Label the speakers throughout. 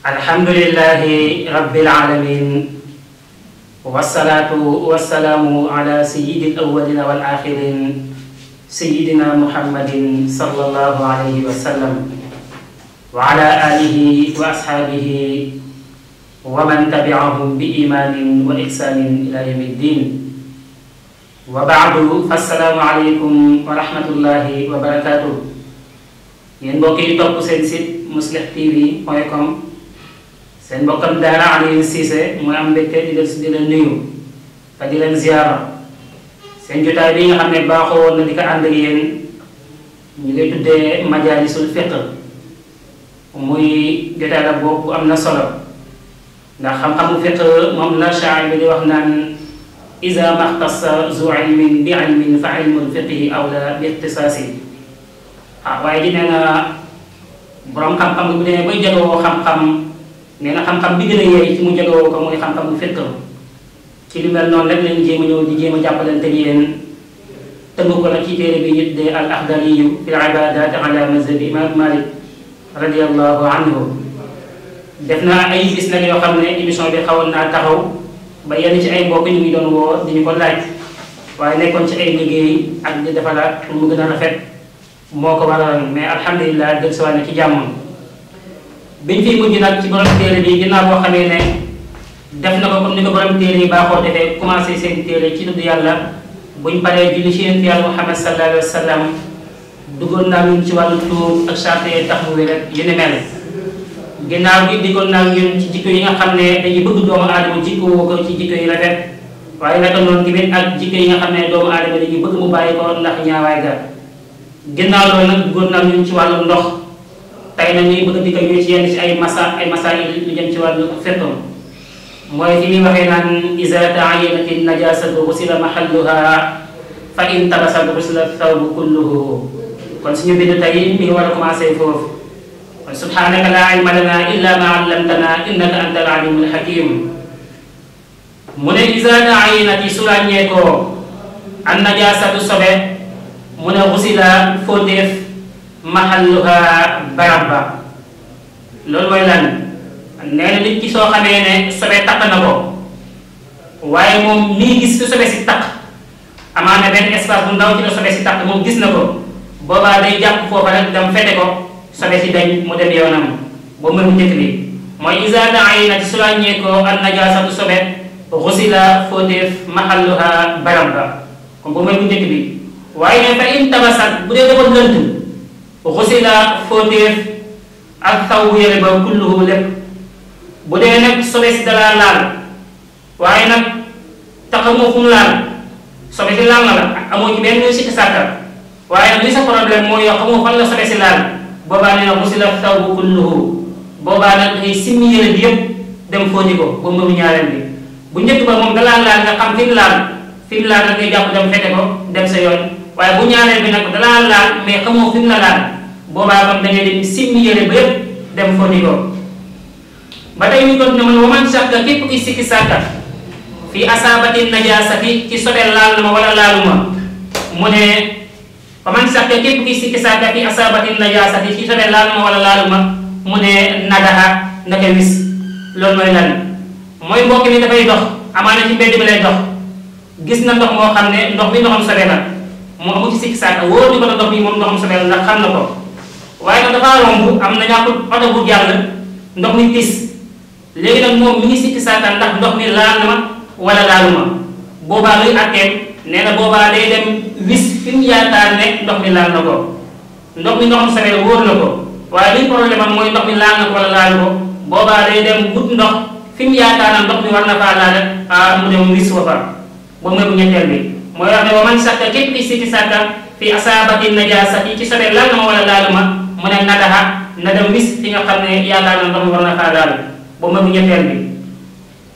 Speaker 1: alhamdulilahi rabbil alamin wasalaatu wasalaamu ala sayyidil awwalina wal axirin sayyidina muhammadin sallallahu alayhi wa sallam wa ala alihi wa ashaabihi wa man tabiahum bi imaanin wa ihsaanin ila yawmi ddin wa baadu assalaamu aleykum wa rahmatullahi wa barakaatuh yéen mbokk yi topp seen site muslih tv point com seen mbokkam daara Alioune Cissé mooy am mbégte di def di leen nuyu te di leen ziara seen jotaay bi nga xam ne baaxoo woon na di ko ànd ak yéen ñu ngi tuddee majaalisul muy jotaay la boobu am na solo ndax xam-xamu fiqh moom la shaa'ir bi di wax naan iza zu ilmin bi ilmin fa ilmul fiqhi awla bi ixtisaasi ah di nee na boroom xam-xam bu dee bay jëloo xam-xam nee na xam-xam bi gën a yeey ci mu jegewoo ko mooy xam-xam bu fekkalu ci lu mel noonu rek leen jéem a ñëw di jéem a jàppalante ko nag ci téere bi ñu tuddee al axdariyu fi ibadat mazhabi malik radiallahu anhu def naa ay gis nag yoo xam ne émission bi xawoon naa taxaw ba yenn ci ay mbokk ñu ngi doon woo di ñu ko laaj waaye nekkoon ci ay liggéey ak di mu gën a rafet moo ko waral mais alhamdulilah gën sawaat na ci jàmmoon biñ fiy mujj nag ci borom téere bi ginnaaw boo xamee ne def na ko comme ni ko borom téere yi baaxoo defee commencé seen téere ci tudd yàlla buñ paree julli ci yonent yàlla Muhammad sallallahu alayhi wa sallam duggoon naa ñun ci wàllu tuub ak charte yi tax mu wér ak yu ni mel. ginnaaw bi diggoon naa ñun ci jikko yi nga xam ne dañuy bëgg doomu aadama jikko woo ko ci jikko yi rafet waaye naka noonu tamit ak jikko yi nga xam ne doomu aadama dañuy bëgg mu bàyyi ko ndax ñaawaay ga ginnaaw loolu nag duggoon naa ci wàllu ndox. waaye nag ñuy bëgg a dikkal ñu ci yenn ci ay masa ay masa yi lu jëm ci wàllu fettoon mooy fi ñuy waxee naan iza ta'ayyanat an-najasatu ghusila mahalluha fa in tabasa ghusila thawbu kulluhu kon suñu bind tey mi ngi war a commencé foofu kon subhanaka laa ilma lanaa illaa maa 'allamtanaa innaka antal alimul hakim mu ne iza ta'ayyanat yi su ràññee ko an-najasatu sobe mu ne ghusila fóoteef maxalluha barab ba loolu mooy lan nee na nit ki soo xamee ne sobe taq na ko waaye moom nii gis su sobe si taq amaana benn espace bu ndaw ci la si taq moom gis na ko boobaa day jàpp foofa rek dem fete ko sobe si dañ mu dem yoonam ba mënu njëkk bi mooy isa taayinat su ràññee ko an najaasatu sobe xusila fóoteef maxalluha barab ba kon ba mënu waaye ne fa in tabasat bu dee dafa xusila fóoteef ak taw bu yére ba kulluhu lépp bu dee nag sobe si dalaa laal waaye nag taxamoo fu mu laal sobe si laal na la ak amoo ci benn sikki sàkka waaye nag li sa problème mooy yow xamoo fan la sobe si laal boobaa nee na xusila taw bu kulluhu boobaa nag dangay simmi yére bi yépp dem fóoti ko ba mbaru ñaareel bi bu njëkk ba moom dalaa laal nga xam fi laal fi laal nag ngay jàpp dem fete ko dem sa yoon waaye bu ñaareel bi nag dalaa laal mais xamoo fi mu laal boobaa kon da de dem simmi yére ba yëpp dem fo ni ko ba tey ñu kon ne man waman sàkka képp ki sikki sàkka fii asaabati najaasati ci sobel laal ma wala laalu ma mu ne waman sàkka képp sikki sàkka fii asaabati najaasati ci sobel laal ma wala laalu ma mu ne nadaha naka wis loolu mooy lan mooy mbokk mi dafay dox amaana ci mbedd bi dox gis na ndox moo xam ne ndox bi ndoxam sobe la moom amu ci sikki saaka wóor ñu ko dox bi moom ndoxum sobeel ndax xam na ko waaye nag dafa romb am na ñàkkul oto bu jàll ndox mi pis léegi nag moom mi ngi sikki saaka ndax ndox mi laal na ma wala laalu ma boobaa luy àtteem yaakaar ne ndox mi na ko ndox mi ndoxum sobeel wóor na ko waaye liy problème am mooy ndox mi laal na ko wala laalu ko boobaa day dem wut ndox fi mu ndox mi war na faa laal ah, mu dem wis ko fa ba mooy bu ñetteel bi mooy wax ne wa man sakka képp ki siti sàkka fi asaabati najaasati ci sobee laal na ma wala laalu ma mu ne nadaxa nadam wis fi nga xam ne yaakaar na dama war na faa daal ba mu mag ñetteel bi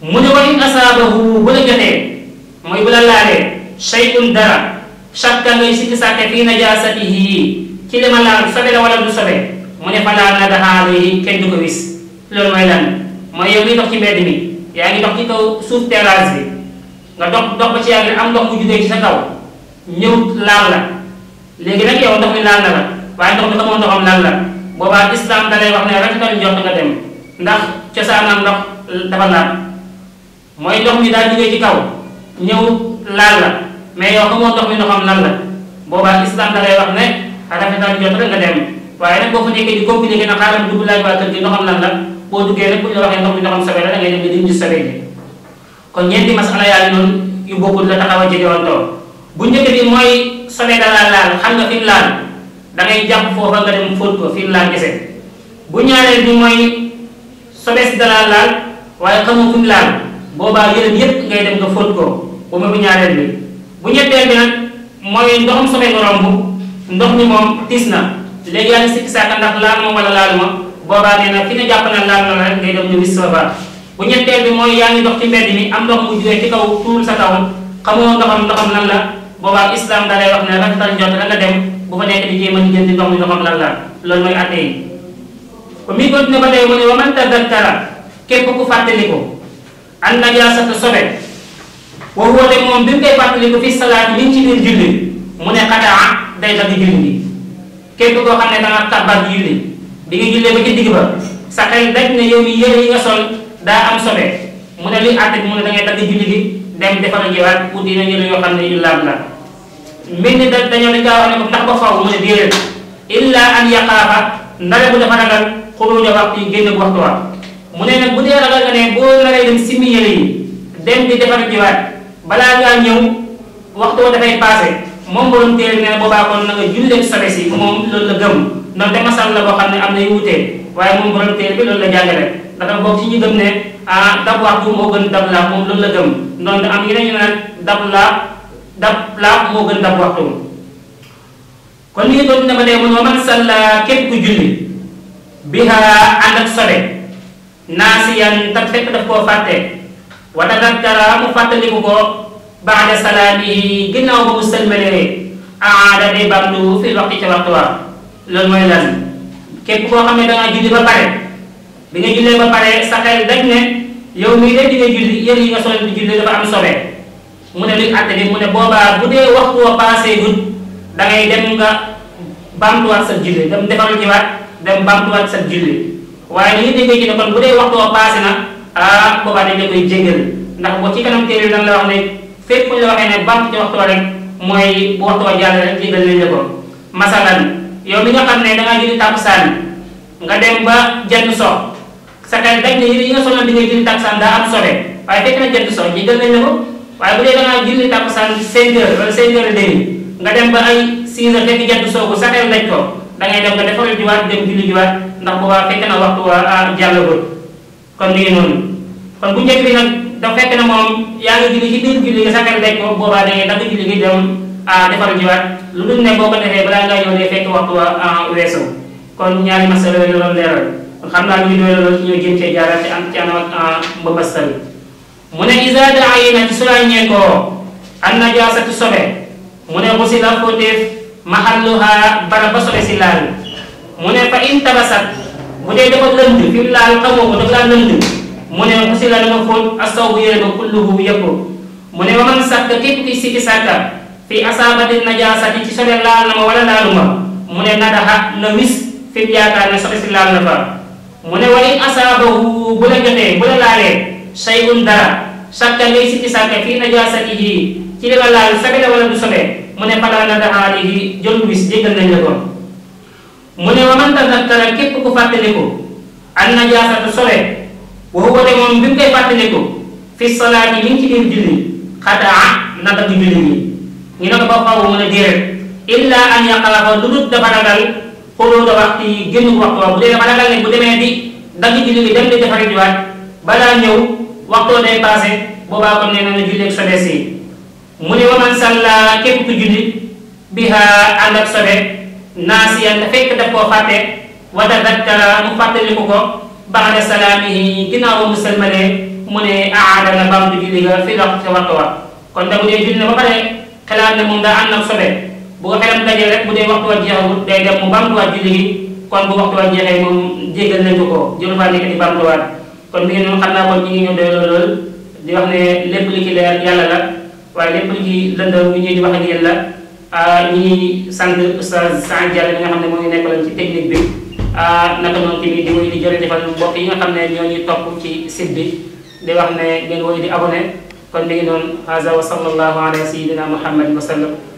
Speaker 1: mu ne wa in asaabahu bu la jotee mooy bu la laalee shay'un dara sakka ngay siti sàkka fi najaasatihi ci ma laal sobe la wala du sobe mu ne falaa nadaxa alayhi kenn du ko wis loolu mooy lan mooy yow ngi ci mbedd mi yaa ci kaw suuf terrasse nga dox dox ba ci yàgg ne am ndox bu jugee ci sa kaw ñëw laal la léegi nag yow ndox mi laal na la waaye ndox mi xamoo ndoxam laal la boobaa islam da lay wax ne rafetal njort nga dem ndax cosaanam ndox dafa laal mooy ndox mi daa jugee ci kaw ñëw laal la mais yow xamoo ndox mi ndoxam laal la boobaa islam da lay wax ne rafetal njort rek nga dem waaye nag boo fa nekkee di compliqué na xaaral dugg laaj waa kër gi ndoxam laal la boo duggee bu ñu la waxee ndox mi ndoxam kon ñeenti masala yaa ngi noonu yu bokkul la taxaw a jegewantoo bu njëkk bi mooy sobe da laa laal xam nga fi mu laal da ngay jàpp foofa nga dem fóot ko fi mu laal kese boobaa yërëm yépp ngay dem nga fóot ko bu ñaareel bi bu ñetteel bi nag mooy ndoxam sobe nga romb ndox mi moom tis na léegi yaa ngi sikki ndax laal ma wala laal ma boobaa nee na fi nga jàpp na laal na rek ngay dem ñu wis sa baat bu ñetteel bi mooy yaa ngi dox ci mbedd mi am ndox mu jugee ci kaw tuur sa kaw xamoo ndoxam ndoxam lan la boobaa islam da lay wax ne rafetal njot la nga dem bu fa nekk di jéem a jënd ndox mi ndoxam lan la loolu mooy atte yi ko mi continué ba tey mu ne wa man tadakkara képp ku fàttaliku an najaasata sobe wa huwa de moom bi mu koy fàttaliku fi salaat mi ngi ci biir julli mu ne xataa day dagg julli bi képp koo xam ne da nga tabaat julli bi nga jullee ba ci digg ba sa xel daj ne yow mi yére yi nga sol daa am sobe mu ne luy àtte bi mu ne da ngay dagg julli dem defar jiwaat uti na njëriñ yoo xam ne yu laam la mbir mi da dañoo dañ kaa a ne ko ndax ko faw mu ne déedéet illa an yaqaafa ndare bu dafa ragal xuruuja waxtu génn waxtu wa mu ne nag bu dee ragal nga ne boo naree dem simmi yére yi dem di defar jiwaat balaa ngaa ñëw waxtu dafay passé moom borom téere ne boobaa kon na nga julleeg sobe si moom loolu la gëm ndax te masal la boo xam ne am na yu wutee waaye moom borom téere bi dafa bokk ci ñu gëm ne ah dab waxtu moo gën dab laa moom loolu la gëm noonu am yeneen ñu naan dab laa dab laa moo gën dab waxtu kon li nga doon dama dee mun wa man salla képp ku julli biha ànd ak sobe naasiyan tat fekk daf koo fàtte wala tadakara mu fàttaliku ko baada salaatihi ginnaaw ba mu sëlmalee aada day bamtu fi waxtu ca waxtu wa loolu mooy lan képp koo xam ne da ngaa julli ba pare bi nga jullee ba pare sa xel dañ ne yow mii de di nga julli yéen yi nga sol di julli dafa am sobe mu ne luy àtte bi mu ne boobaa bu dee waxtu wa passé gud da ngay dem nga bamtuwaat sa julli dem defal jiwaat dem bamtuwaat sa julli waaye li ñu déggee ci ne kon bu dee waxtu wa ah, ndax boo ci kanam téere dañ la wax ne fépp fu ñu la waxee ne bamtu ci waxtu wa rek mooy bu waxtu wa jàll rek jégal nañ la ko yow mi nga xam ne da ngaa julli tàkkusaan nga dem ba jenn sox sakkan dañ ne yére yi nga soloon bi ngay julli takkusaan daa am sobe waaye fekk na jënd sow ñi gën ne ko waaye bu dee da ngaa julli takkusaan cinq heures wala cinq heures nga dem ba ay six heures fekk jënd sow bu sakkan lañ ko da dem nga defaral jiwaat ndax na ko boobaa da ngay dagg dem ah defaral ah, lu dul ne boo ko defee balaa ngaa ñëw fekk waxtu waa weesu kon ñaari masala yooyu loolu leeral xam naa ñu ne loolu ñu gën cee jaaraat ci am ci anam ah, ba basal mu ne isa daa yi na ci sulañee ko an najaasatu sobe mu ne bu si la ko def mahalluha bara ba sobe si laal mu ne fa in tabasat bu dee dafa lënd fi mu laal xamoo ko dafa laa mu ne bu si la dama fóot asaw bu yére ba kulluhu yëpp mu ne wa man sàkk képp ki sikki sàkka fi asaabati najaasati ci sobe laal na ma wala laalu ma mu ne nadaxa na wis fi mu yaakaar sobe si laal na fa mu ne wali asaabahu bu la jotee bu la laalee shay'un dara sàkka ngay sikki sàkka fii najaasatihi ci li la laal sobe la wala du sobe mu ne falaa nadaha alayhi jël wis jéggal nañ la ko mu ne wa man tadakkara ku fàttaliku an najaasatu sobe wa huwa de moom bi mu koy fàttaliku fi salaati mi ngi ci biir julli xataa naka ñi ne ko ba xaw mu ne déedéet illa an yaqalafa lu dul dafa xóoloo nga waxtu yi génn waxtoom léegi ma ragal ne bu demee di dagg julli gi dem di defari jiwaat balaa ñëw waxtoo day passé boobaa kon nee na na julleeg sobe si mu ne wa man salla képp ku julli biha ànd ak sobe naasiyan da fekk daf koo fàtte wa tadakkara mu fàttaliku ko ba'da salaamihi ginnaaw mu sëlmalee mu ne aada na bamtu julli ga fi dox ca waxtu wa kon da bu julli na ba pare xelaat ne moom daa ànd ak bu ko xelam dajee wa jeexawut day dem mu bamtuwaat julli gi kon bu waxtu wa jeexee moom jéggal nañ ko ko jëlu faa nekk di bamtuwaat kon bi ngeen ñoom xam a kon ñi ngi di wax li ci leer yàlla la ñuy di wax ak yéen la ah, sant Oustaz Sane Diallo bi nga xam ne moo ngi nekkaloon ci technique bi ah, naka noonu tamit di woy di jëlee defal mbokk yi nga xam ne ñoo ñuy topp ci site bi di wax ne ngeen woy di abonné kon mi ngi noonu haza wa sallallahu ala sayyidina muhammad wa sallam